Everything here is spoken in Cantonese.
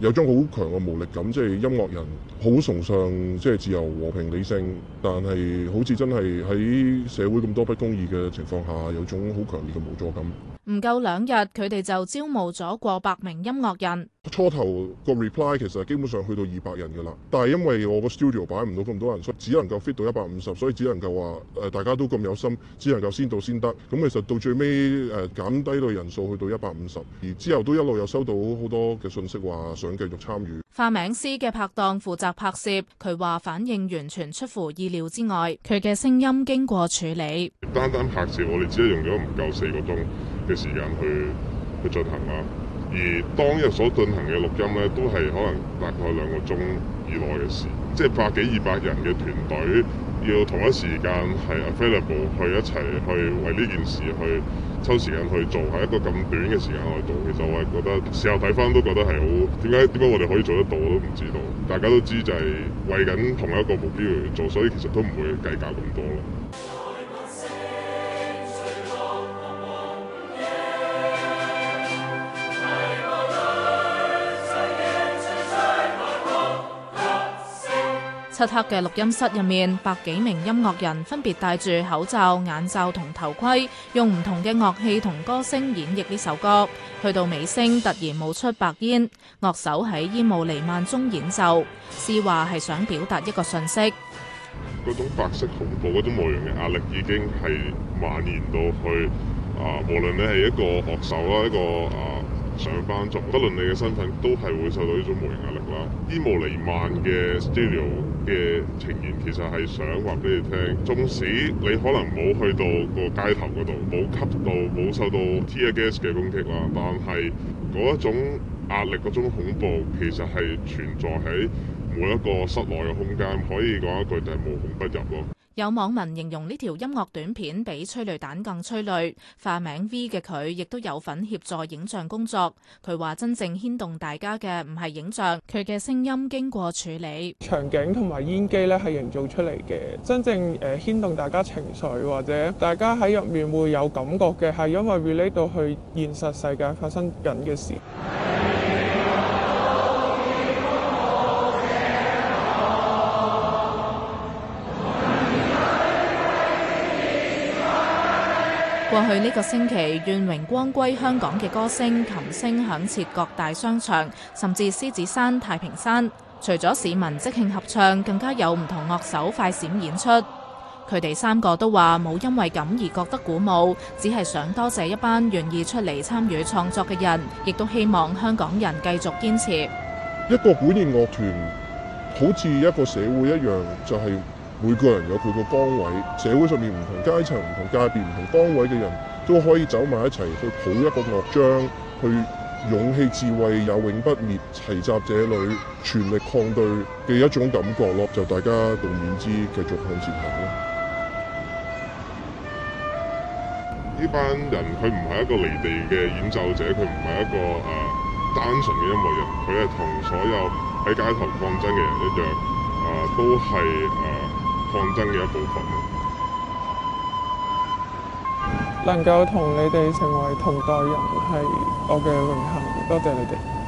有種好強嘅無力感，即係音樂人好崇尚，即係自由、和平、理性，但係好似真係喺社會咁多不公義嘅情況下，有種好強烈嘅無助感。唔夠兩日，佢哋就招募咗過百名音樂人。初頭個 reply 其實基本上去到二百人嘅啦，但係因為我個 studio 擺唔到咁多人出，只能夠 fit 到一百五十，所以只能夠話，誒大家都咁有心，只能夠先到先得。咁、嗯、其實到最尾誒減低到人數去到一百五十，而之後都一路有收到好多嘅信息話想繼續參與。化名師嘅拍檔負責拍攝，佢話反應完全出乎意料之外。佢嘅聲音經過處理，單單拍攝我哋只係用咗唔夠四個鐘嘅時間去去，去進行啦。而當日所進行嘅錄音呢，都係可能大概兩個鐘以內嘅事，即係百幾二百人嘅團隊，要同一時間係 available 去一齊去為呢件事去抽時間去做，喺一個咁短嘅時間去做，其實我係覺得事後睇返都覺得係好點解？點解我哋可以做得到？我都唔知道。大家都知就係為緊同一個目標去做，所以其實都唔會計較咁多咯。漆黑嘅錄音室入面，百幾名音樂人分別戴住口罩、眼罩同頭盔，用唔同嘅樂器同歌聲演繹呢首歌。去到尾聲，突然冒出白煙，樂手喺煙霧彌漫中演奏，是話係想表達一個訊息。嗰種白色恐怖，嗰種無形嘅壓力已經係蔓延到去啊！無論你係一個樂手啦，一個啊，上班族，不論你嘅身份，都係會受到呢種無形壓力啦。伊慕尼曼嘅 studio 嘅呈現，其實係想話俾你聽，縱使你可能冇去到個街頭嗰度，冇吸到，冇受到 tear gas 嘅攻擊啦，但係嗰一種壓力、嗰種恐怖，其實係存在喺每一個室內嘅空間，可以講一句就係無孔不入咯。有網民形容呢條音樂短片比催淚彈更催淚。化名 V 嘅佢亦都有份協助影像工作。佢話真正牽動大家嘅唔係影像，佢嘅聲音經過處理，場景同埋煙機咧係營造出嚟嘅。真正誒牽動大家情緒或者大家喺入面會有感覺嘅係因為 relate 到去現實世界發生緊嘅事。過去呢個星期，願榮光歸香港嘅歌聲、琴聲響徹各大商場，甚至獅子山、太平山。除咗市民即興合唱，更加有唔同樂手快閃演出。佢哋三個都話冇因為咁而覺得鼓舞，只係想多謝一班願意出嚟參與創作嘅人，亦都希望香港人繼續堅持。一個管弦樂團好似一個社會一樣，就係、是。每個人有佢個崗位，社會上面唔同階層、唔同界別、唔同崗位嘅人都可以走埋一齊去譜一個樂章，去勇氣、智慧又永不滅，齊集這裏，全力抗對嘅一種感覺咯。就大家共勉之，繼續向前行咯。呢班人佢唔係一個離地嘅演奏者，佢唔係一個啊、呃、單純嘅音樂人，佢係同所有喺街頭抗爭嘅人一樣啊、呃，都係啊。呃抗爭嘅一部分。能夠同你哋成為同代人，係我嘅榮幸。多謝你哋。